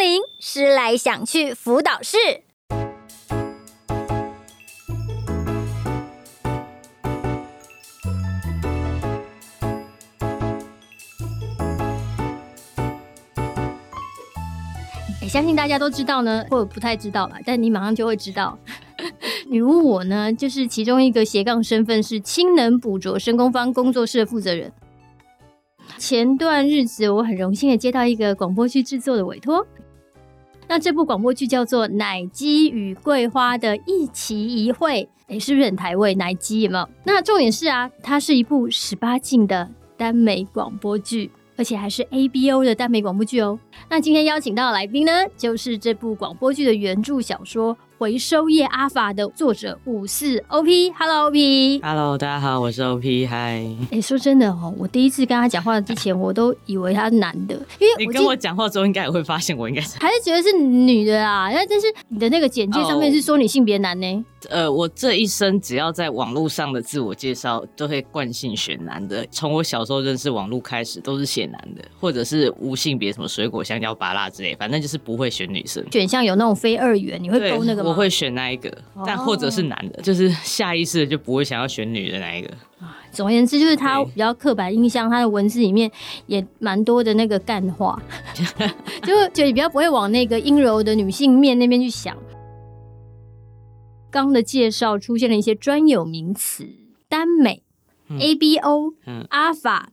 林思來想去，輔導室。哎，相信大家都知道呢，或者不太知道吧？但你馬上就會知道， 女巫我呢，就是其中一個斜槓身份是親能補拙聲攻坊工作室的負責人。前段日子，我很榮幸的接到一個廣播劇製作的委托。那這部廣播劇叫做《乃基與桂花的一期一會》，誒，是不是很台味？乃基有沒有？那重點是啊，它是一部十八禁的耽美廣播劇，而且還是 ABO 的耽美廣播劇哦。那今天邀請到的來賓呢，就是這部廣播劇的原著小說，回收業 Alpha 的作者五四 OP，Hello OP，Hello，大家好，我是 OP，嗨。哎、欸，說真的哦、喔，我第一次跟他講話之前， 我都以為他是男的，因為你跟我講話之後，應該也會發現我應該是還是覺得是女的啊。那但是你的那個簡介上面是說你性別男呢、欸？Oh, 呃，我這一生只要在網絡上的自我介紹，都會慣性選男的。從我小時候認識網絡開始，都是選男的，或者是無性別什麼水果香蕉芭樂之類，反正就是不會選女生。選項有那種非二元，你會勾那個？嗎？我會選那一個，但或者是男的，Oh. 就是下意識就不會想要選女的那一個。總而言之，就是他比較刻板印象，Okay. 他的文字裡面也蠻多的那個幹話， 就就你比較不會往那個陰柔的女性面那邊去想。 剛的介紹出現了一些專有名詞，耽美，ABO，阿法。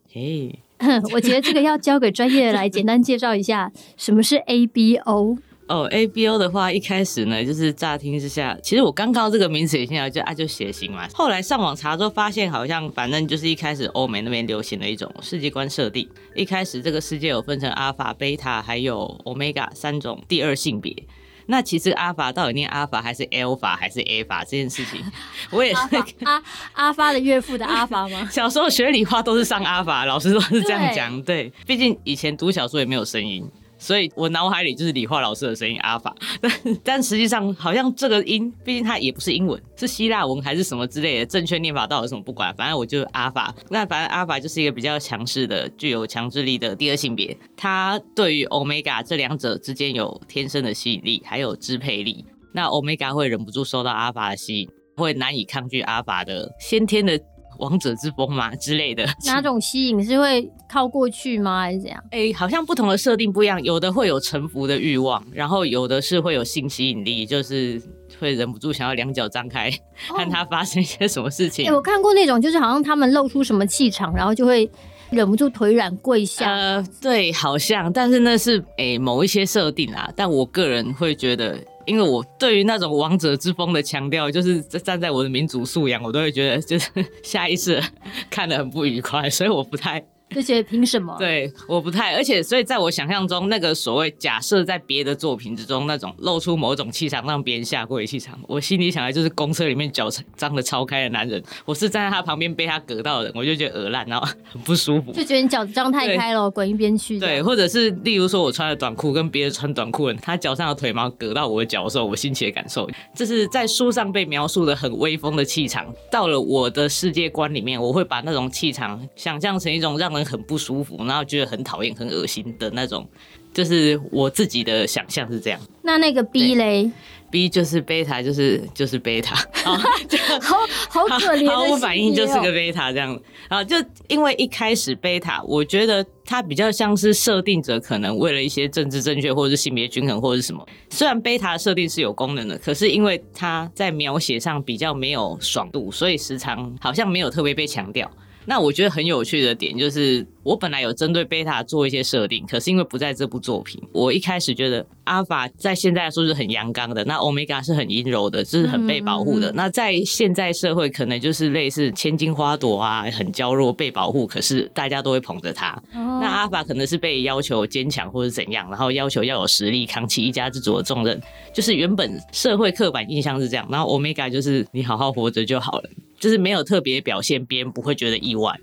我覺得這個要交給專業的來簡單介紹一下， 什麼是 ABO。B o? 哦，A B O 的話，一開始呢，就是乍聽之下，其實我剛剛這個名詞，先來就啊，就血型嘛。後來上網查之後，發現好像反正就是一開始歐美那邊流行的一種世界觀設定。一開始這個世界有分成阿法、貝塔還有歐米伽三種第二性別。那其實阿法到底念阿法還是 l 歐法還是 A 法這件事情， 我也是阿法 阿發的岳父的阿法嗎？ 小時候學理化都是上阿法，老師都是這樣講。對，對畢竟以前讀小說也沒有聲音。所以我腦海裡就是理化老師的聲音，阿法，但 但實際上好像這個音，畢竟它也不是英文，是希臘文還是什麼之類的，正確念法倒有什麼不管，反正我就阿法。那反正阿法就是一個比較強勢的、具有強制力的第二性別，它對於 Omega 這兩者之間有天生的吸引力，還有支配力。那 Omega 會忍不住受到阿法的吸引，會難以抗拒阿法的先天的。王者之風嘛，之類的，哪種吸引是會靠過去嗎？還是怎樣？誒、欸，好像不同的設定不一樣，有的會有臣服的慾望，然後有的是會有性吸引力，就是會忍不住想要兩腳張開、哦、看他發生一些什麼事情。誒、欸，我看過那種，就是好像他們露出什麼氣場，然後就會忍不住腿軟跪下。呃，對，好像，但是那是誒、欸、某一些設定啦、啊，但我個人會覺得。因為我對於那種王者之風的強調，就是站在我的民主素養，我都會覺得就是下意識看得很不愉快，所以我不太。這些憑什麼？對，我不太，而且所以，在我想象中，那個所謂假設在別的作品之中那種露出某種氣場讓別人下跪的氣場，我心裡想的就是公車裡面腳張得超開的男人，我是站在他旁邊被他隔到的，我就覺得噁爛，然後很不舒服，就覺得你腳張太開了，滾對一邊去。對，或者是例如說我穿的短褲跟別人穿短褲，他腳上的腿毛隔到我的腳的時候，我心情的感受，這是在書上被描述的很威風的氣場，到了我的世界觀裡面，我會把那種氣場想象成一種讓。很不舒服，然後覺得很討厭、很噁心的那種，就是我自己的想象是這樣。那那個 B 嘞？B 就是貝塔、就是，就是貝塔, 好 就是貝塔，好可憐好可憐，毫無反應，就是個貝塔、哦、這樣子。然後就因為一開始貝塔，我覺得它比較像是設定者可能為了一些政治正確，或者是性別均衡，或者是什麼。雖然貝塔的設定是有功能的，可是因為它在描寫上比較沒有爽度，所以時常好像沒有特別被強調。那我覺得很有趣的點就是。我本來有針對貝塔做一些設定，可是因為不在這部作品，我一開始覺得阿法在現在來說是很陽剛的，那歐米伽是很陰柔的，就是很被保護的。嗯、那在現在社會，可能就是類似千金花朵啊，很嬌弱被保護，可是大家都會捧着它。哦、那阿法可能是被要求堅強或者怎樣，然後要求要有實力扛起一家之主的重任，就是原本社會刻板印象是這樣。然後歐米伽就是你好好活着就好了，就是沒有特別表現，別人不會覺得意外。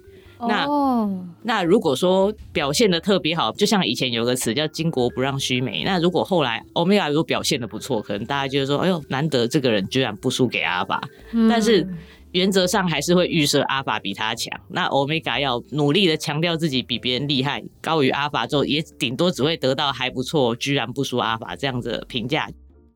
那、oh. 那如果說表現的特別好，就像以前有個詞叫“巾幗不讓鬚眉”。那如果後來歐米伽如果表現的不錯，可能大家就是說：“哎呦，難得這個人居然不輸給阿法。” mm. 但是原則上還是會預設阿法比他強。那歐米伽要努力的強調自己比別人厲害，高於阿法之後，也頂多只會得到還不錯，居然不輸阿法這樣的評價。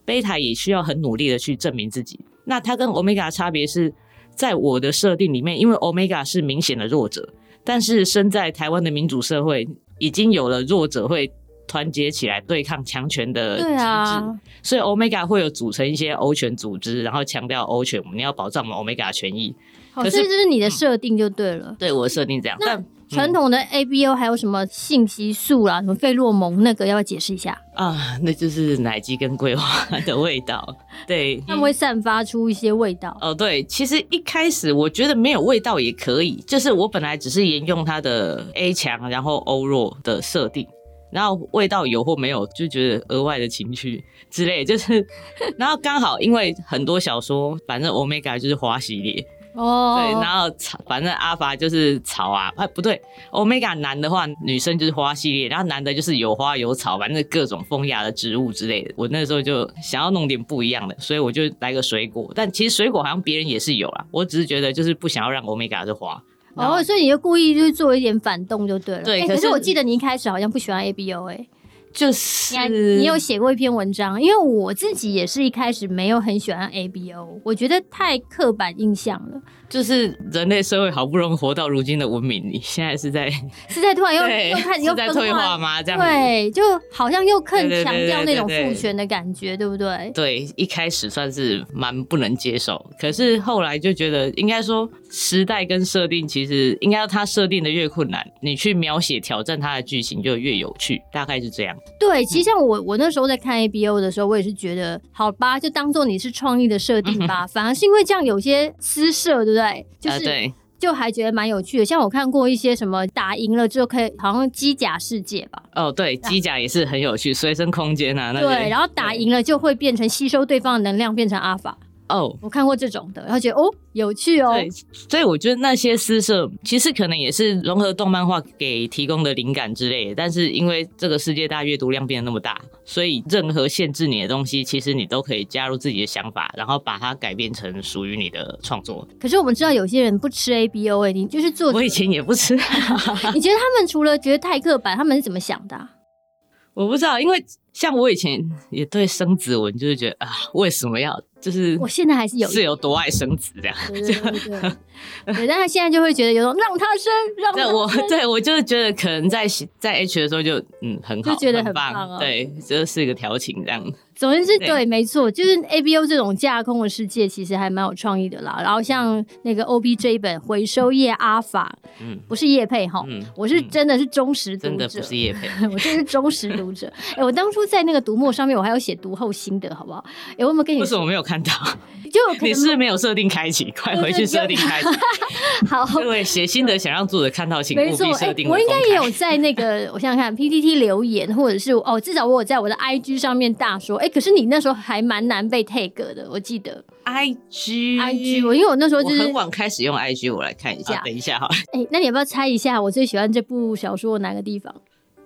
貝塔也需要很努力的去證明自己。那他跟歐米伽的差別是。在我的設定裡面，因為 Omega 是明顯的弱者，但是身在台灣的民主社會，已經有了弱者會團結起來對抗強權的機制，對啊、所以 Omega 會有組成一些歐權組織，然後強調歐權，我們要保障我們 Omega 的權益。可是，所以這是你的設定就對了。嗯、對，我的設定是這樣。那傳統的 ABO 還有什麼信息素啦，嗯、什麼費洛蒙那個要不要解釋一下？啊，那就是乃基跟桂花的味道， 對，他們會散發出一些味道、嗯。哦，對，其實一開始我覺得沒有味道也可以，就是我本來只是沿用它的 A 強，然後歐弱的設定，然後味道有或沒有，就覺得額外的情趣之類，就是， 然後剛好因為很多小說，反正 Omega 就是花系列。哦，oh. 對，然後草，反正阿法就是草啊，哎不對，omega 男的話，女生就是花系列，然後男的就是有花有草，反正、那個、各種風雅的植物之類的。我那時候就想要弄點不一樣的，所以我就來個水果。但其實水果好像別人也是有啦，我只是覺得就是不想要讓 omega 是花。然後、oh, 所以你就故意就是做一點反動就對了。對可、欸，可是我記得你一開始好像不喜歡 abo 哎、欸就是你，你有寫過一篇文章，因為我自己也是一開始沒有很喜歡 ABO，我覺得太刻板印象了。就是人類社會好不容易活到如今的文明，你現在是在是在突然又對又開始又退化嗎？這樣對，就好像又更強調那種父權的感覺，對不對，對，對，對？對，一開始算是蠻不能接受，可是後來就覺得應該說，時代跟設定其實應該要它設定的越困難，你去描寫挑戰它的劇情就越有趣，大概是這樣。對，其實像我，我那時候在看 A B O 的時候，我也是覺得，好吧，就當做你是創意的設定吧。嗯、哼反而是因為這樣，有些私設，對不對？啊、就是呃，對，就還覺得蠻有趣的。像我看過一些什麼，打贏了就可以，好像機甲世界吧。哦，對，機甲也是很有趣，啊、隨身空間吶、啊，那個、對，然後打贏了就會變成對吸收對方的能量，變成阿爾法。哦，oh, 我看過這種的，然後覺得哦有趣哦。對，所以我覺得那些私設其實可能也是融合動漫畫給提供的靈感之類的。但是因為這個世界大閱讀量變得那麼大，所以任何限制你的東西，其實你都可以加入自己的想法，然後把它改變成屬於你的創作。可是我們知道有些人不吃 A B O a、欸、你就是做，我以前也不吃。 你覺得他們除了覺得太刻板，他們是怎麼想的，啊？我不知道，因為像我以前也對生子我就是覺得啊，為什麼要就是我現在還是有是有多愛生子這樣，對，但他現在就會覺得有種讓他生，讓我對我就是覺得可能在在 H 的時候就嗯很好，就覺得很棒，很棒哦，對，就是一個調情這樣子。總之是對，沒錯，就是 ABO 這種架空的世界，其實還蠻有創意的啦。然後像那個 O B J 本《回收業阿法》，嗯，不是業配哈，我是真的是忠實讀者，真的不是業配，我就是忠實讀者。哎，我當初在那個讀墨上面，我還有寫讀後心得，好不好？哎，我有沒有跟你說？不是我沒有看到，就你是沒有設定開啟，快回去設定開啟。好，各位寫心得想讓作者看到，請務必設定。我應該也有在那個，我想想看 P T T 留言，或者是哦，至少我有在我的 I G 上面大說，哎。欸、可是你那時候還蠻難被 tag 的，我記得。IG IG，我因為我那時候就是很晚開始用 IG，我來看一下。啊，等一下哈，哎，欸，那你要不要猜一下我最喜歡這部小說哪個地方？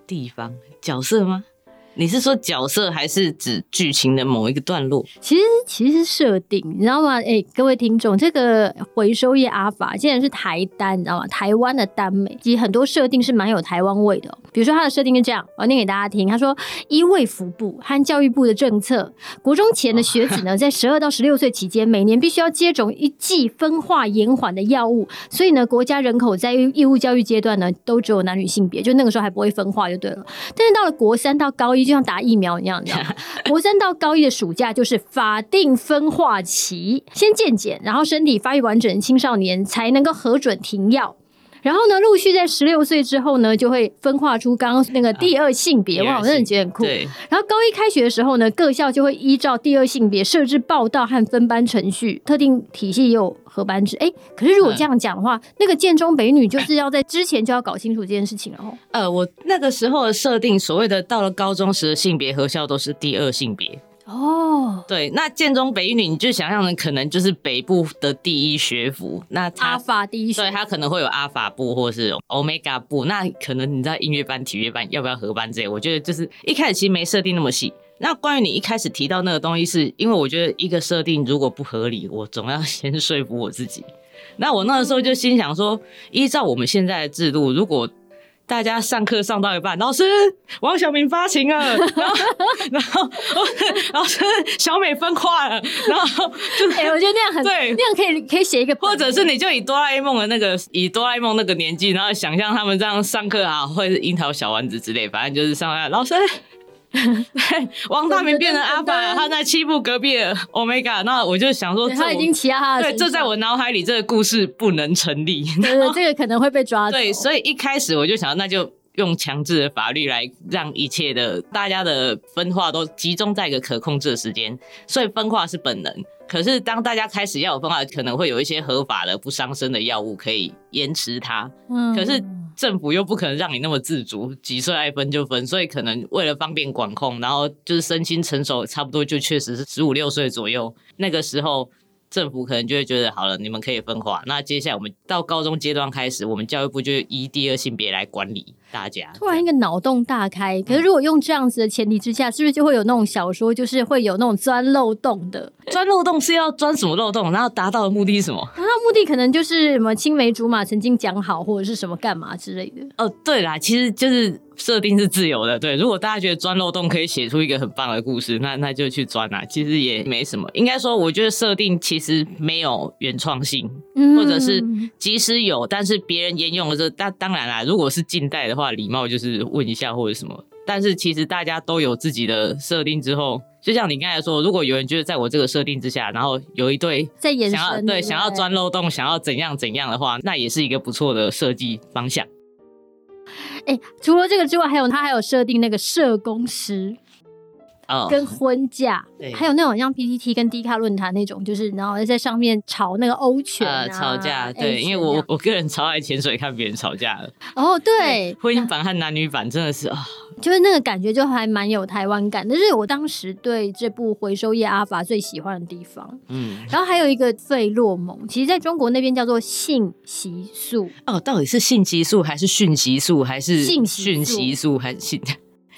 地方角色嗎？嗯你是說角色，還是指劇情的某一個段落？其實，其實設定，你知道嗎？哎，各位聽眾，這個回收業阿法，竟然是台耽，你知道嗎？台灣的耽美，其實很多設定是蠻有台灣味的哦。比如說，它的設定是這樣，我念給大家聽。他說，依衛福部和教育部的政策，國中前的學子呢，在十二到十六歲期間，每年必須要接種一劑分化延緩的藥物。所以呢，國家人口在義，義務教育階段呢，都只有男女性別，就那個時候還不會分化，就對了。但是到了國三到高一。就像打疫苗一樣，你知道嗎？ 國三到高一的暑假就是法定分化期，先健檢，然後身體發育完整的青少年才能夠核准停藥。然後呢，陸續在十六歲之後呢，就會分化出剛剛那個第二性別。性哇，我真的很覺得很酷。對然後高一開學的時候呢，各校就會依照第二性別設置報道和分班程序，特定體系也有合班制。哎，可是如果這樣講的話，嗯、那個建中北女就是要在之前就要搞清楚這件事情了，哦，然後呃，我那個時候的設定所謂的到了高中時的性別合校都是第二性別。哦，oh, 對，那建中北一女你就想象成可能就是北部的第一學府，那阿法第一學，對，它可能會有阿法部或是 omega 部，那可能你在音樂班、體育班要不要合班這些，我覺得就是一開始其實沒設定那麼細。那關於你一開始提到那個東西是，是因為我覺得一個設定如果不合理，我總要先說服我自己。那我那個時候就心想說，依照我們現在的制度，如果大家上課上到一半，老師王小明發情了， 然後，然後，老師小美分化了，然後就哎、是欸，我覺得那樣很對，那樣可以可以寫一個，或者是你就以哆啦 A 夢的那個，以哆啦 A 夢那個年紀，然後想象他們這樣上課啊，或者櫻桃小丸子之類，反正就是上來，老師。 對，王大明變成 Alpha，他在欺負隔壁的 Omega。那、oh、my 我就想說，對這我他已經其他，他奇對，這在我腦海裡這個故事不能成立。這個可能會被抓。對，所以一開始我就想，那就用強制的法律來讓一切的大家的分化都集中在一個可控制的時間。所以分化是本能，可是當大家開始要有分化，可能會有一些合法的不傷身的藥物可以延遲它。嗯，可是。政府又不可能讓你那麼自主，幾歲愛分就分，所以可能為了方便管控，然後就是身心成熟差不多就確實是十五六歲左右，那個時候政府可能就會覺得好了，你們可以分化。那接下來我們到高中階段開始，我們教育部就以第二性別來管理。大家突然一個腦洞大開，對可是如果用這樣子的前提之下，嗯、是不是就會有那種小說，就是會有那種鑽漏洞的？鑽漏洞是要鑽什麼漏洞？然後達到的目的是什麼？達到目的可能就是什麼青梅竹馬曾經講好，或者是什麼幹嘛之類的。哦、呃，對啦，其實就是設定是自由的。對，如果大家覺得鑽漏洞可以寫出一個很棒的故事，那那就去鑽啊。其實也沒什麼，應該說我覺得設定其實沒有原創性，嗯、或者是即使有，但是別人沿用的時候當當然啦，如果是近代的話，禮貌就是問一下或者什麼，但是其實大家都有自己的設定之後，就像你剛才說，如果有人就是在我這個設定之下，然後有一對在想要對想要鑽漏洞，想要怎樣怎樣的話，那也是一個不錯的設計方向，欸。哎，除了這個之外，還有他還有設定那個社工師。哦，跟婚嫁，對，還有那種像 PTT 跟 Dcard 論壇那種，就是然後在上面吵那個歐權、啊、呃、吵架，對，因為我我個人超愛潛水看別人吵架了。哦，對，婚姻版和男女版，真的是啊，呃呃、就是那個感覺就還蠻有台灣感，但是我當時對這部《回收業阿法》最喜歡的地方。嗯，然後還有一個費洛蒙，其實在中國那邊叫做性激素。哦，到底是性激素還是訊息素，還是訊息素還是信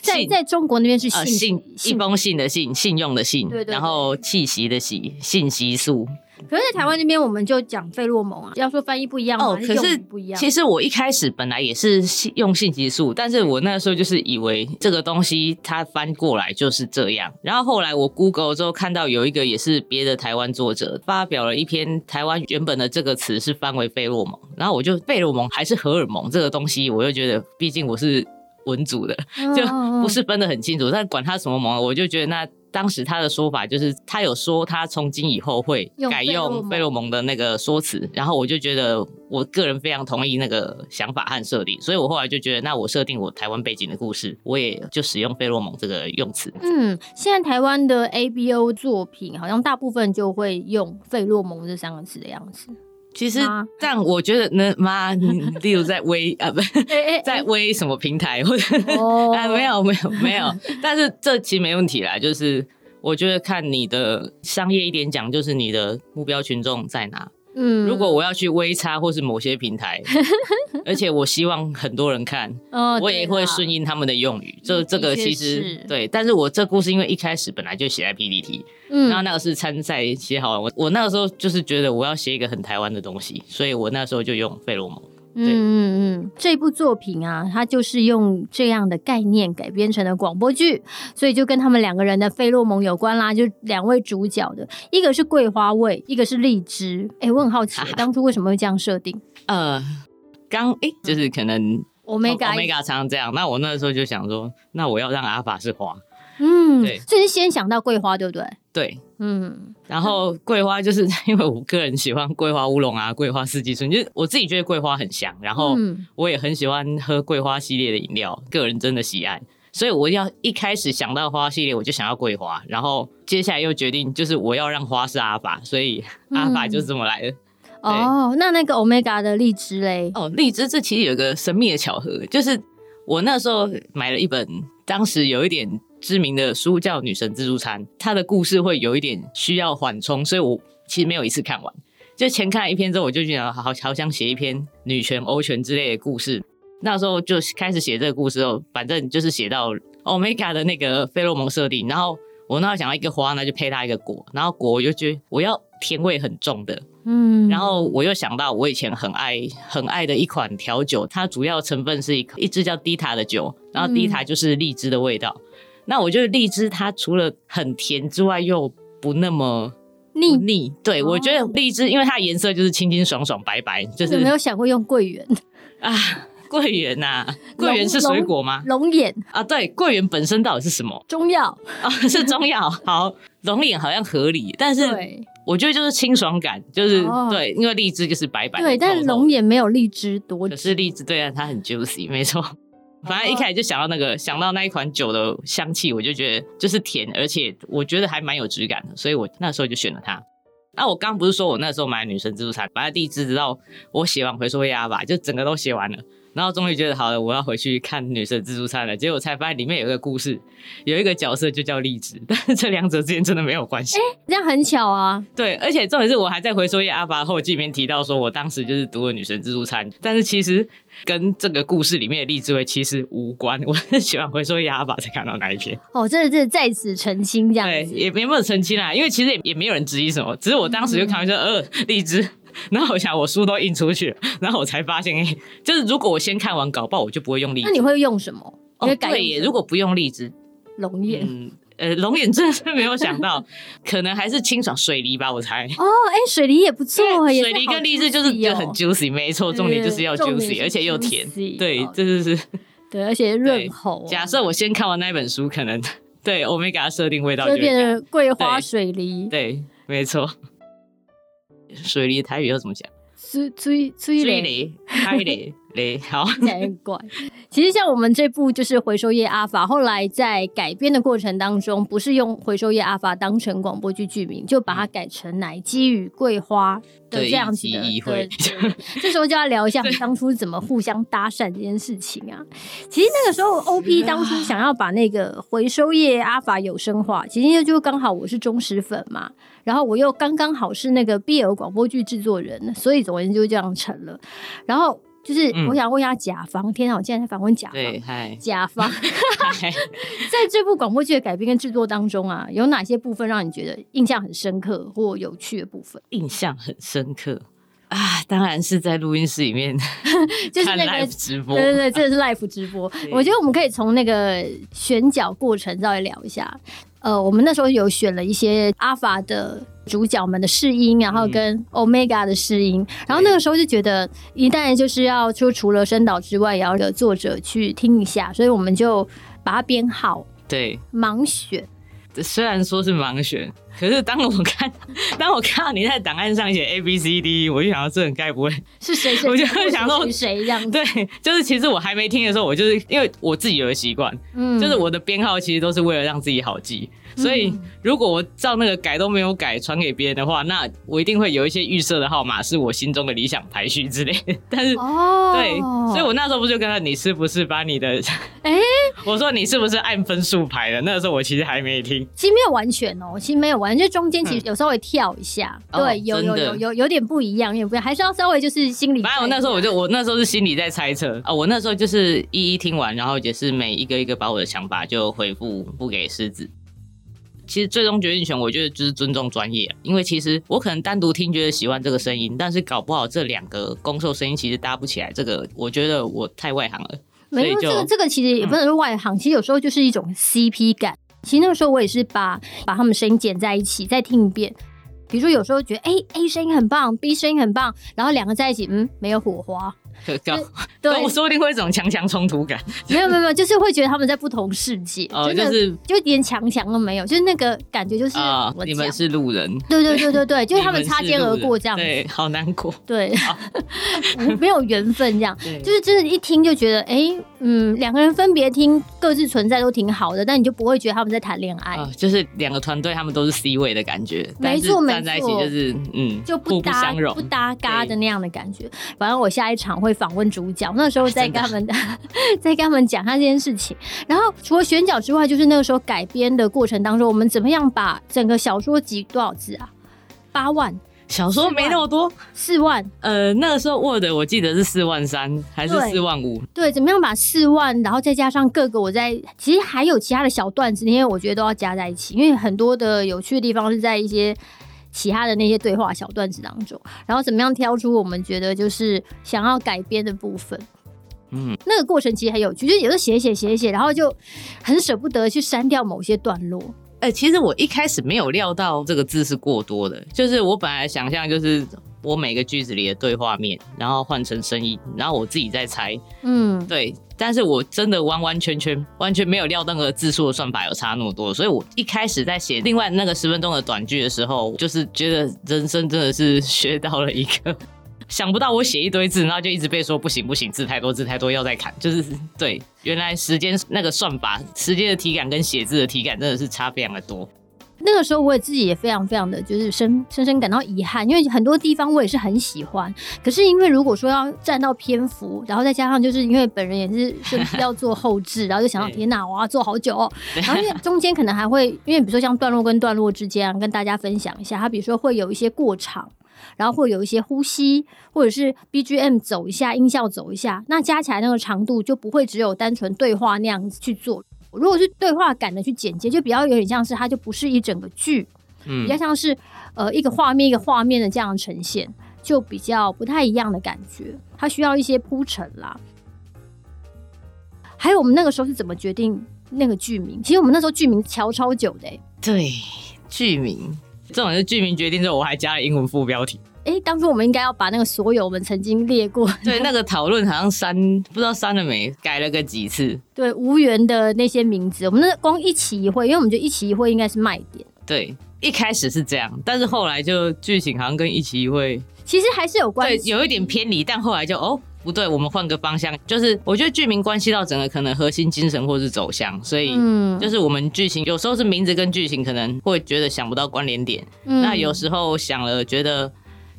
在在中國那邊是信心、啊、信一封信的信，信用的信，對對對，然後氣息的息，信息素。可是，在台灣那邊我們就講費洛蒙啊，只要說翻譯不一樣、啊、哦，可是不一樣、啊。其實我一開始本來也是用信息素，但是我那時候就是以為這個東西它翻過來就是這樣。然後後來我 Google 之後看到有一個也是別的台灣作者發表了一篇台灣原本的這個詞是翻為費洛蒙，然後我就費洛蒙還是荷爾蒙這個東西，我又覺得畢竟我是。文組的就不是分得很清楚，oh, oh, oh. 但管他什麼盟，我就覺得那當時他的說法就是他有說他從今以後會改用費洛蒙的那個說辭，然後我就覺得我個人非常同意那個想法和設定，所以我後來就覺得那我設定我台灣背景的故事，我也就使用費洛蒙這個用詞。嗯，現在台灣的 A B O 作品好像大部分就會用費洛蒙這三個詞的樣子。其實，媽但我覺得，那媽，你例如在微 啊，不是，欸欸，在微什麼平台，或者啊，沒有，沒有，沒有。 但是這其實沒問題啦，就是我覺得看你的商業一點講，就是你的目標群眾在哪？如果我要去微差或是某些平台， 而且我希望很多人看， 我也會順應他們的用語。這、哦啊、這個其實對，但是我這故事因為一開始本來就寫在 PTT，嗯，然後那個是參賽寫好了，我我那個時候就是覺得我要寫一個很台灣的東西，所以我那時候就用費洛蒙。對。嗯嗯嗯，這部作品啊，它就是用這樣的概念改編成了廣播劇，所以就跟他們兩個人的費洛蒙有關啦，就兩位主角的，一個是桂花味，一個是荔枝。哎，我很好奇，啊、當初為什麼會這樣設定？呃，剛哎，就是可能 Omega，Omega 常常這樣。那我那時候就想說，那我要讓 Alpha 是花。嗯，對，所以先想到桂花，對不對？對，嗯，然後桂花就是因為我個人喜歡桂花烏龍啊，桂花四季春，就是我自己覺得桂花很香，然後我也很喜歡喝桂花系列的飲料，個人真的喜愛，所以我要一開始想到花系列，我就想要桂花，然後接下來又決定就是我要讓花是 Alpha，所以 Alpha 就是這麼來的。嗯、對哦，那那個 Omega 的荔枝嘞？哦，荔枝這其實有一個神秘的巧合，就是我那時候買了一本，當時有一點。知名的書叫女神自助餐，她的故事會有一點需要緩衝，所以我其實沒有一次看完。就前看了一篇之後，我就想好好想寫一篇女權、歐權之類的故事。那時候就開始寫這個故事哦，反正就是寫到 Omega 的那個費洛蒙設定。然後我那時候想要一個花呢，那就配它一個果，然後果我就覺得我要甜味很重的，嗯。然後我又想到我以前很愛很愛的一款調酒，它主要成分是一口一支叫 Dita 的酒，然後 Dita 就是荔枝的味道。那我覺得荔枝它除了很甜之外，又不那麼膩膩。對，我覺得荔枝，因為它的顏色就是清清爽爽、白白，就是有沒有想過用桂圓啊？桂圓吶？桂圓是水果嗎？龍眼啊？對，桂圓本身到底是什麼？中藥啊，是中藥。好，龍眼好像合理，但是我覺得就是清爽感，就是對，因為荔枝就是白白。對，但是龍眼沒有荔枝多。可是荔枝對啊，它很 juicy，沒錯。反正一開始就想到那個，想到那一款酒的香氣，我就覺得就是甜，而且我覺得還蠻有質感的，所以我那時候就選了它。那我剛不是說我那時候買女生自助餐，反正第一次知道我寫完，完回收業 Alpha，就整個都寫完了。然後終於覺得好了，我要回去看《女神自助餐》了。結果我才發現裡面有一個故事，有一個角色就叫荔枝，但是這兩者之間真的沒有關係。哎，這樣很巧啊！對，而且重點是我還在回收業 Alpha 後記裡面提到說，我當時就是讀了《女神自助餐》，但是其實跟這個故事裡面的荔枝會其實無關。我很喜歡回收業 Alpha 才看到那一篇。哦，真的，真的在此澄清這樣子，對，也沒有澄清啊，因為其實也也沒有人質疑什麼，只是我當時就看了一下，嗯、哼呃，荔枝。然後我想我書都印出去，然後我才發現，就是如果我先看完搞不好我就不會用荔枝。那你會用什麼？會、哦、對耶，如果不用荔枝，龍眼、嗯。呃，龍眼真的是沒有想到， 可能還是清爽水梨吧？我猜。哦、哎、欸，水梨也不錯，水梨跟荔枝就是，是、哦、就很 juicy，沒錯，重點就是要 juicy，ju 而且又甜。哦、對，這就是對，而且潤喉、啊。假設我先看完那本書，可能對我沒給它設定味道就，就變成桂花水梨。對，對，沒錯。 水里台語要怎麼講？水水水里水里。好，難怪。其實像我們這部就是《回收業 Alpha》，後來在改編的過程當中，不是用《回收業 Alpha》當成廣播劇劇名，就把它改成《乃基與桂花》的這樣子的。對，對，對，對，這時候就要聊一下當初怎麼互相搭訕這件事情啊。對其實那個時候，OP 當初想要把那個《回收業 Alpha》有聲化，其實就剛好我是忠實粉嘛，然後我又剛剛好是那個 BL 廣播劇制作人，所以總之就這樣成了。然後。就是我想問一下甲方，嗯、天啊，我竟然在訪問甲方。對甲方在這部廣播劇的改編跟制作當中啊，有哪些部分讓你覺得印象很深刻或有趣的部分？印象很深刻啊，當然是在錄音室裡面， 就是那個直播，對對對，真的是 live 直播。對我覺得我們可以從那個選角過程稍微聊一下。呃，我們那時候有選了一些阿法的主角們的試音，然後跟 Omega 的試音，嗯、然後那個時候就覺得，一旦就是要說除了聲導之外，也要有作者去聽一下，所以我們就把它編好，對，盲選。雖然說是盲選，可是當我看，當我看到你在檔案上寫 A B C D，我就想到這人該不會是誰？我就會想到是誰一樣。對，就是其實我還沒聽的時候，我就是因為我自己有個習慣，嗯，就是我的編號其實都是為了讓自己好記，嗯，所以如果我照那個改都沒有改，傳給別人的話，那我一定會有一些預設的號碼是我心中的理想排序之類的。但是，哦，對，所以我那時候不就跟著你是不是把你的哎？欸我說你是不是按分數排的？那個時候我其實還沒聽，其實沒有完全哦，其實沒有完全，就中間其實有稍微跳一下，嗯、對，哦、有的有有有有，有點不一樣，有點不一樣，還是要稍微就是心裡、啊、沒有，我那時候我就我那時候是心裡在猜測啊、哦，我那時候就是一一聽完，然後也是每一個一個把我的想法就回復，不給獅子。其實最終決定權我覺得就是尊重專業，因為其實我可能單獨聽覺得喜歡這個聲音，但是搞不好這兩個攻受聲音其實搭不起來，這個我覺得我太外行了。沒有這個，這個其實也不能說外行。嗯、其實有時候就是一種 CP 感。其實那個時候我也是把把他們聲音剪在一起，再聽一遍。比如說有時候覺得，哎 A 聲音很棒，B 聲音很棒，然後兩個在一起，嗯，沒有火花。就跳就我說不定會有一種強強衝突感，沒有沒有沒有，就是會覺得他們在不同世界，就是就連強強都沒有，就是那個感覺，就是你們是路人，對對對對對，就是他們擦肩而過這樣，對，好難過，對，沒有緣分這樣，就是就是一聽就覺得，哎，嗯，兩個人分別聽各自存在都挺好的，但你就不會覺得他們在談戀愛，就是兩個團隊他們都是 C 位的感覺，沒錯，站在一起就是嗯，互不相容，就不搭，不搭嘎的那樣的感覺。反正我下一場會訪問主角。那時候在跟他們、啊， 在跟他們講他這件事情。然後除了選角之外，就是那個時候改編的過程當中，我們怎麼樣把整個小說集多少字啊？八萬？小說沒那麼多，四萬。呃，那個時候 Word 我記得是四萬三還是四萬五？對，怎麼樣把四萬，然後再加上各個我在，其實還有其他的小段子，因為我覺得都要加在一起，因為很多的有趣的地方是在一些。其他的那些對話小段子當中，然後怎麼樣挑出我們覺得就是想要改編的部分？嗯，那個過程其實很有趣，就是有時候寫寫寫寫，然後就很捨不得去刪掉某些段落。哎、欸，其實我一開始沒有料到這個字是過多的，就是我本來想象就是。我每個句子裡的對畫面，然後換成聲音，然後我自己再猜，嗯，對。但是我真的完完全全完全沒有料到那個字數的算法有差那麼多，所以我一開始在寫另外那個十分鐘的短劇的時候，就是覺得人生真的是學到了一個，想不到我寫一堆字，然後就一直被說不行不行，字太多字太多要再砍，就是對，原來時間那個算法，時間的體感跟寫字的體感真的是差非常的多。那個時候我也自己也非常非常的就是深深深感到遺憾，因為很多地方我也是很喜歡，可是因為如果說要占到篇幅，然後再加上就是因為本人也是是要做後製，然後就想到 天哪，我要做好久哦， 然後因為中間可能還會因為比如說像段落跟段落之間、啊、跟大家分享一下，他比如說會有一些過場，然後會有一些呼吸，或者是 B G M 走一下，音效走一下，那加起來那個長度就不會只有單純對話那樣子去做。如果是對話感的去剪接，就比較有點像是它就不是一整個劇，嗯，比較像是呃一個畫面一個畫面的這樣呈現，就比較不太一樣的感覺。它需要一些鋪陳啦。還有我們那個時候是怎麼決定那個劇名？其實我們那時候劇名喬超久的，欸，對，劇名重點是劇名決定之後，我還加了英文副標題。欸，當初我們應該要把那個所有我們曾經列過對後那個討論好像刪，不知道刪了沒，改了個幾次。對無緣的那些名字，我們那個光一期一會，因為我們就一期一會應該是賣點。對，一開始是這樣，但是後來就劇情好像跟一期一會其實還是有關係對，有一點偏離，但後來就哦不對，我們換個方向，就是我覺得劇名關係到整個可能核心精神或是走向，所以就是我們劇情有時候是名字跟劇情可能會覺得想不到關聯點，嗯、那有時候想了覺得。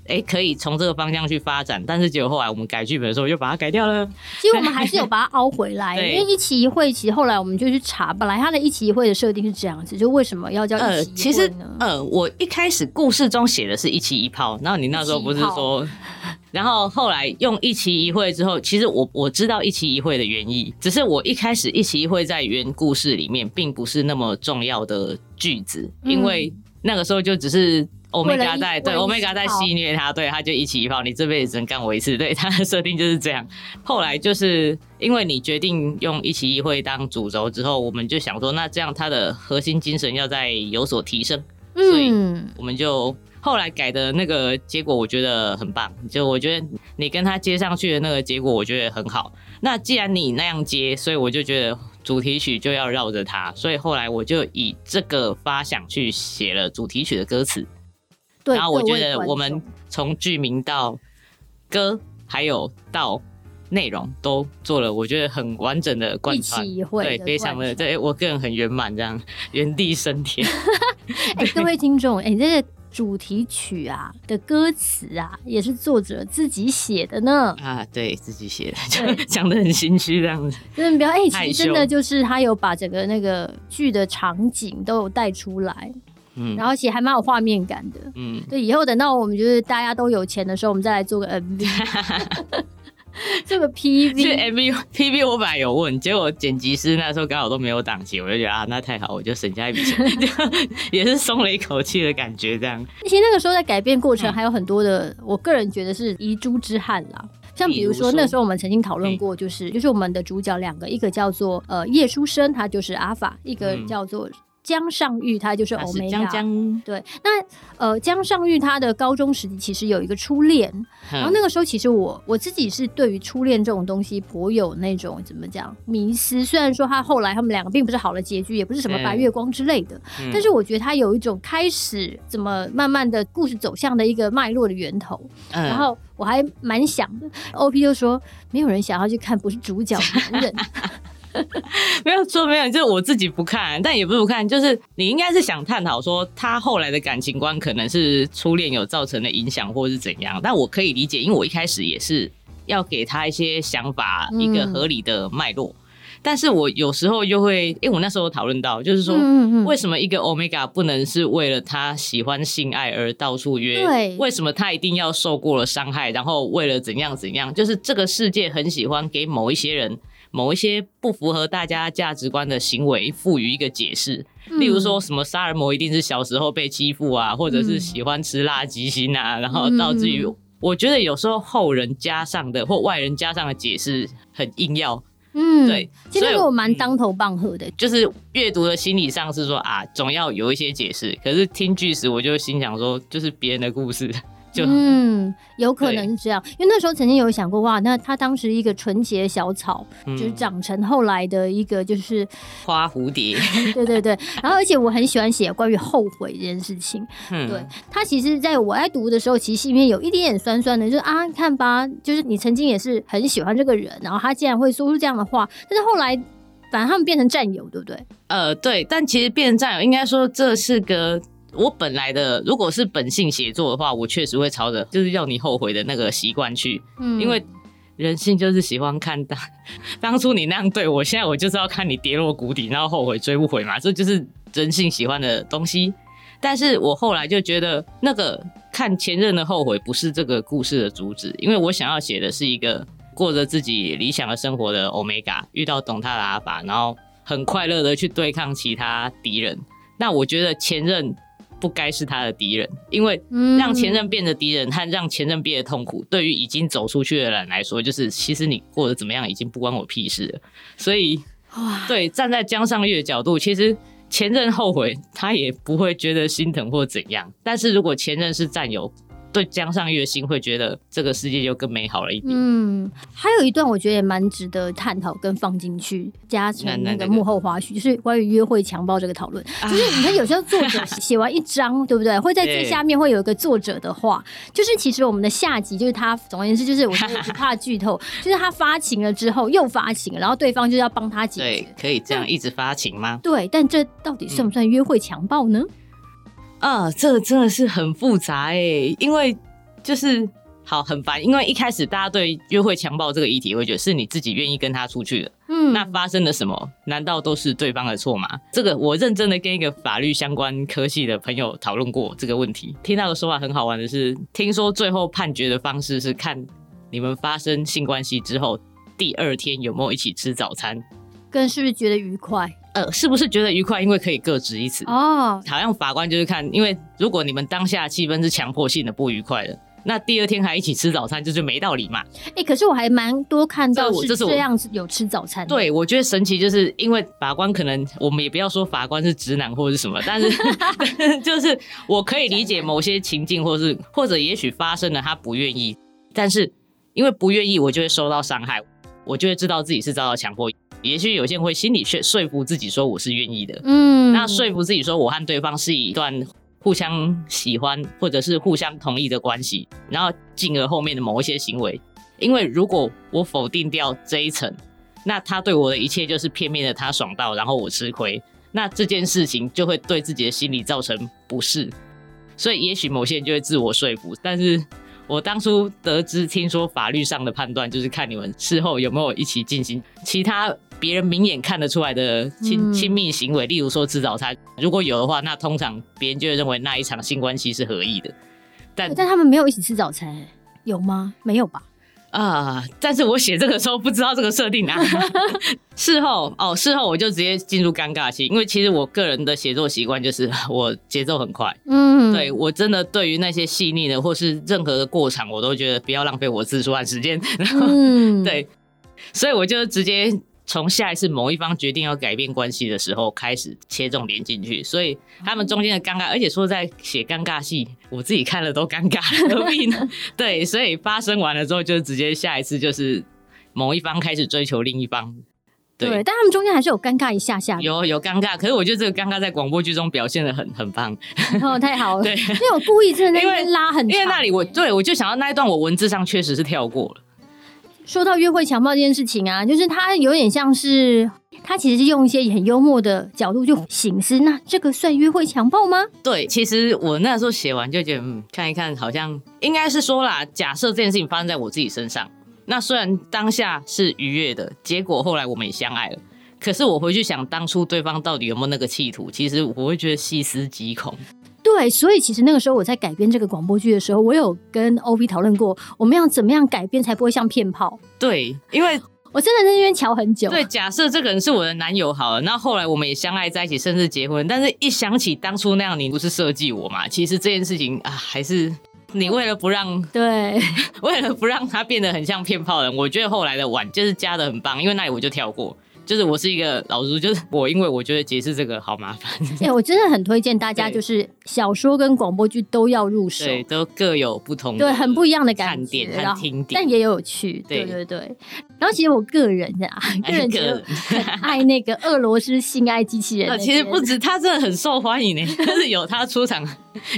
哎，可以從這個方向去發展，但是結果後來我們改劇本的時候，又把它改掉了。其實我們還是有把它凹回來， 對因為一期一會，其實後來我們就去查，本來它的一期一會的設定是這樣子，就為什麼要叫一期一會呢？呃、其實，嗯、呃，我一開始故事中寫的是一期一炮，那你那時候不是說，一一然後後來用一期一會之後，其實我我知道一期一會的原意，只是我一開始一期一會在原故事裡面並不是那麼重要的句子，因為那個時候就只是。歐米伽在對，歐米伽在戲虐他，對，他就一期一炮，你這輩子只能幹我一次，對他的設定就是這樣。後來就是因為你決定用一期一會當主軸之後，我們就想說，那這樣他的核心精神要再有所提升，嗯、所以我們就後來改的那個結果，我覺得很棒。就我覺得你跟他接上去的那個結果，我覺得很好。那既然你那樣接，所以我就覺得主題曲就要繞着他，所以後來我就以這個發想去寫了主題曲的歌詞。然後我覺得我們從劇名到歌，還有到內容都做了，我覺得很完整的貫穿，一期一會的貫穿。對，非常的對我個人很圓滿這樣，原地升天。哎對、 欸，各位聽眾，哎， 這個主題曲啊的歌詞啊，也是作者自己寫的呢。啊，對自己寫的，對 講的很心虛這樣子，真的不要哎，其實真的就是他有把整個那個劇的場景都有帶出來。嗯，然後其實還蠻有畫面感的。嗯，對，以後等到我們就是大家都有錢的時候，我們再來做個 MV。 這個 PV、MV、PV 我本來有問，結果剪輯師那時候剛好都沒有檔期，我就覺得啊，那太好，我就省下一筆錢， 就也是鬆了一口氣的感覺。這樣，其實那個時候在改編過程還有很多的，嗯、我個人覺得是遺珠之憾啦。像比如說，例如說那時候我們曾經討論過，就是嘿就是我們的主角兩個，一個叫做呃葉書生，他就是阿法，一個叫做。嗯江尚玉，他就是 Omega 啊。對，那呃，江尚玉他的高中時期其實有一個初戀，嗯、然後那個時候其實我我自己是對於初戀這種東西頗有那種怎麼講迷思。雖然說他後來他們兩個並不是好的結局，也不是什麼白月光之類的，嗯、但是我覺得他有一種開始怎麼慢慢的故事走向的一個脈絡的源頭。嗯、然後我還蠻想的，OP 就說沒有人想要去看不是主角男人。 沒有錯，沒有，就是我自己不看，但也不是不看，就是你應該是想探討說他後來的感情觀可能是初戀有造成的影響，或是怎樣。但我可以理解，因為我一開始也是要給他一些想法，一個合理的脈絡。嗯、但是我有時候又會，因、欸、為我那時候討論到，就是說，嗯嗯嗯，為什麼一個 Omega 不能是為了他喜歡性愛而到處約？對為什麼他一定要受過了傷害，然後為了怎樣怎樣？就是這個世界很喜歡給某一些人。某一些不符合大家價值觀的行為，賦予一個解釋，嗯、例如說什麼殺人魔一定是小時候被欺負啊，或者是喜歡吃垃圾心啊，嗯、然後導致於，我覺得有時候後人加上的或外人加上的解釋很硬要，嗯，對，所以其實我蠻當頭棒喝的，就是閱讀的心理上是說啊，總要有一些解釋，可是聽劇時我就心想說，就是別人的故事。嗯，有可能是這樣，對因為那時候曾經有想過，哇，那他當時一個純潔小草，嗯、就是長成後來的一個就是花蝴蝶， 對對對。然後，而且我很喜歡寫關於後悔這件事情。嗯、對，他其實在我愛讀的時候，其實裡面有一點點酸酸的，就是啊，看吧，就是你曾經也是很喜歡這個人，然後他竟然會說出這樣的話，但是後來，反正他們變成戰友，對不對？呃，對，但其實變成戰友，應該說這是個。我本來的，如果是本性寫作的話，我確實會朝着就是要你後悔的那個習慣去，嗯、因為人性就是喜歡看當當初你那樣對我，現在我就是要看你跌落谷底，然後後悔追不回嘛，這就是人性喜歡的東西。但是我後來就覺得，那個看前任的後悔不是這個故事的主旨，因為我想要寫的是一個過着自己理想的生活的 Omega，遇到懂他的阿法，然後很快樂的去對抗其他敵人。那我覺得前任。不該是他的敵人，因為讓前任變得敵人和讓前任變得痛苦，嗯、對於已經走出去的人來說，就是其實你過得怎麼樣已經不關我屁事了。所以，哇對站在江上月的角度，其實前任後悔他也不會覺得心疼或怎樣。但是如果前任是戰友，所以，加上月薪會覺得這個世界就更美好了一點。嗯，還有一段我覺得也蠻值得探討跟放進去，加成那個幕後花絮，那那個、就是關於約會強暴這個討論。啊、就是你看，有時候作者寫完一章， 對不對？會在最下面會有一個作者的話，對就是其實我們的下集就是他，總而言之就是我就不怕劇透， 就是他發情了之後又發情，然後對方就要幫他解決對。可以這樣對一直發情嗎對？對，但這到底算不算約會強暴呢？嗯啊，這個真的是很複雜哎，因為就是好很煩，因為一開始大家對約會強暴這個議題會覺得是你自己願意跟他出去的，嗯，那發生了什麼？難道都是對方的錯嗎？這個我認真的跟一個法律相關科系的朋友討論過這個問題，聽到的說法很好玩的是，聽說最後判決的方式是看你們發生性關係之後第二天有沒有一起吃早餐，跟是不是覺得愉快？呃，是不是覺得愉快？因為可以各執一詞哦。Oh. 好像法官就是看，因為如果你們當下氣氛是強迫性的不愉快的，那第二天還一起吃早餐就是沒道理嘛。哎、欸，可是我還蠻多看到是這樣子有吃早餐。對，我覺得神奇，就是因為法官可能我們也不要說法官是直男或者是什麼，但是 就是我可以理解某些情境或，或者是或者也許發生了他不願意，但是因為不願意，我就會受到傷害，我就會知道自己是遭到強迫意。也許有些人會心裡說說服自己說我是願意的，嗯，那說服自己說我和對方是一段互相喜歡或者是互相同意的關係，然後進而後面的某一些行為，因為如果我否定掉這一層，那他對我的一切就是片面的，他爽到然後我吃虧，那這件事情就會對自己的心理造成不適，所以也許某些人就會自我說服。但是，我當初得知聽說法律上的判斷就是看你們事後有沒有一起進行其他。別人明眼看得出來的親親密行為，例如說吃早餐，嗯、如果有的話，那通常別人就會認為那一場性關係是合意的。但但他們沒有一起吃早餐，欸，有嗎？沒有吧？啊！但是我寫這個時候不知道這個設定啊。 事後哦，事後我就直接進入尷尬期，因為其實我個人的寫作習慣就是我節奏很快。嗯，對我真的對於那些細膩的或是任何的過場，我都覺得不要浪費我字數跟時間。然後、嗯、對，所以我就直接。從下一次某一方決定要改變關係的時候開始，切重點進去，所以他們中間的尷尬，而且說在寫尷尬戲，我自己看了都尷尬了，何必呢？ 對，所以發生完了之後，就直接下一次就是某一方開始追求另一方，對，對但他們中間還是有尷尬一下下有有尷尬，可是我覺得這個尷尬在廣播劇中表現的很很棒，哦，太好了， 對因為我故意在那邊拉很多，因為那裡我對我就想到那一段，我文字上確實是跳過了。說到約會強暴這件事情啊，就是他有點像是他其實是用一些很幽默的角度去省思，那這個算約會強暴嗎？對，其實我那時候寫完就覺得，嗯，看一看，好像應該是說啦，假設這件事情發生在我自己身上，那雖然當下是愉悅的，結果後來我們也相愛了，可是我回去想當初對方到底有沒有那個企圖，其實我會覺得細思極恐。對，所以其實那個時候我在改編這個廣播劇的時候，我有跟 OP 討論過，我們要怎麼樣改編，才不會像騙炮？對，因為我真的在那邊瞧很久啊。對，假設這個人是我的男友好了，那後後來我們也相愛在一起，甚至結婚。但是，一想起當初那樣，你不是設計我嘛？其實這件事情啊，還是你為了不讓對， 為了不讓他變得很像騙炮的人，我覺得後來的碗就是加的很棒，因為那裡我就跳過。就是我是一個老就是我因為我覺得解釋這個好麻煩，哎、欸，我真的很推薦大家，就是小說跟廣播劇都要入手，對，對，都各有不同的，對，很不一樣的感覺，看點和聽點，但也有趣，對，對對對。對然後其實我個人啊，個人愛那個俄羅斯性愛機器人。啊，其實不止，他真的很受歡迎呢。 但是有他出場，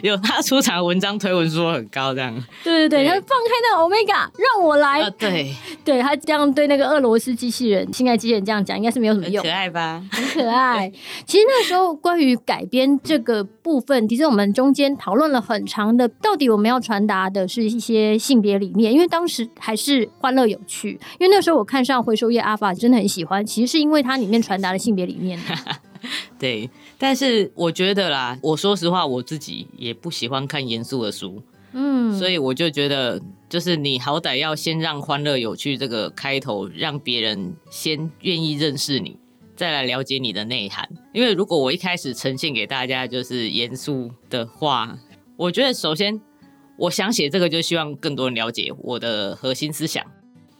有他出場的，文章推文說很高這樣。對對對，對他放開那個 Omega，讓我來。啊、呃，對，對他這樣對那個俄羅斯機器人性愛機器人這樣講，應該是沒有什麼用。很可愛吧，很可愛。其實那時候關於改編這個部分，其實我們中間討論了很長的，到底我們要傳達的是一些性別理念？因為當時還是歡樂有趣，因為那時候。就我看上回收業 Alpha 真的很喜歡。其實是因為它裡面傳達的性別理念。 對，但是我覺得啦，我說實話，我自己也不喜歡看嚴肅的書。嗯，所以我就覺得，就是你好歹要先讓歡樂有趣這個開頭，讓別人先願意認識你，再來了解你的內涵。因為如果我一開始呈現給大家就是嚴肅的話，我覺得首先我想寫這個，就希望更多人了解我的核心思想。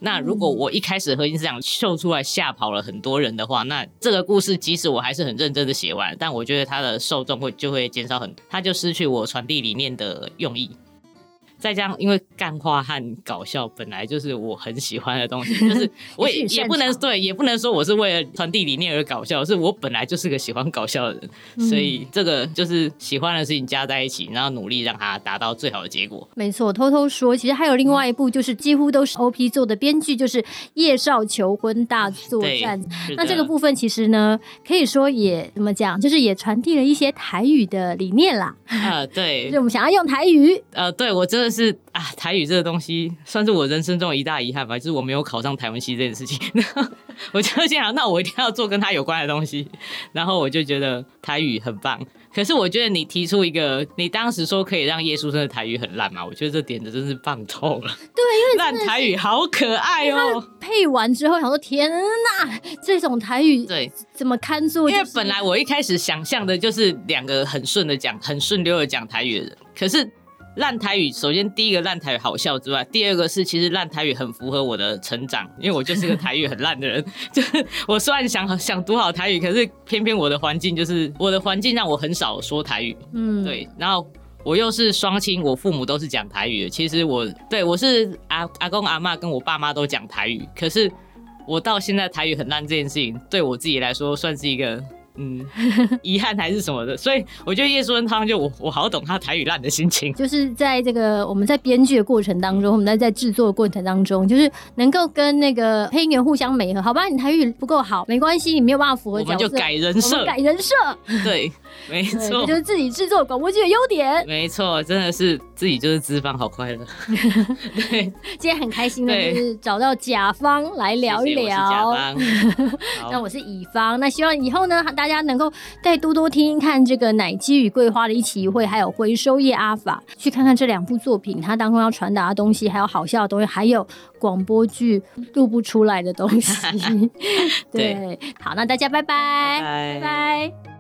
那如果我一開始核心思想秀出來嚇跑了很多人的話，那這個故事即使我還是很認真的寫完，但我覺得它的受眾會就會減少很多，它就失去我傳遞理念的用意。再加上，因為幹話和搞笑本來就是我很喜歡的東西， 就是我也也不能對，也不能說我是為了傳遞理念而搞笑，是我本來就是個喜歡搞笑的人，嗯、所以這個就是喜歡的事情加在一起，然後努力讓它達到最好的結果。沒錯，偷偷說，其實還有另外一部，就是幾乎都是 OP 做的編劇，就是夜少求婚大作戰。那這個部分其實呢，可以說也怎麼講，就是也傳遞了一些台語的理念啦。啊 呃，對，就是我們想要用台語。呃，對我真的。就是啊，台語這個東西算是我人生中一大遺憾吧，就是我沒有考上台語系這件事情。然後我就心想，那我一定要做跟他有關的東西。然後我就覺得台語很棒。可是我覺得你提出一個，你當時說可以讓葉書生的台語很爛嘛？我覺得這點子真是棒透了。對，因為爛台語好可愛哦。配完之後，想說天哪，這種台語對怎麼看住、就是？因為本來我一開始想象的就是兩個很順的講、很順溜的講台語的人，可是。爛台語，首先第一個爛台語好笑之外，第二個是其實爛台語很符合我的成長，因為我就是個台語很爛的人， 就是我雖然想想讀好台語，可是偏偏我的環境就是我的環境讓我很少說台語，嗯，對，然後我又是雙親，我父母都是講台語的。其實我對我是阿阿公阿嬤跟我爸媽都講台語，可是我到現在台語很爛這件事情，對我自己來說算是一個。 嗯，遺憾還是什麼的，所以我覺得葉叔他們就我我好懂他台語爛的心情，就是在這個我們在編劇的過程當中，嗯、我們在在制作的過程當中，就是能夠跟那個配音員互相媒合。好吧，你台語不夠好，沒關係，你沒有辦法符合角色，我們就改人設，改人設，對。沒錯，就是自己制作廣播劇的優點。沒錯，真的是自己就是資方，好快樂。 對，對今天很開心的對就是找到甲方來聊一聊。那我是乙方，那希望以後呢，大家能夠再多多聽、聽看這個乃基與桂花的一期一會，還有回收業 Alpha，去看看這兩部作品它當中要傳達的東西，還有好笑的東西，還有廣播劇錄不出來的東西。 對，對好，那大家拜拜，拜拜。拜拜。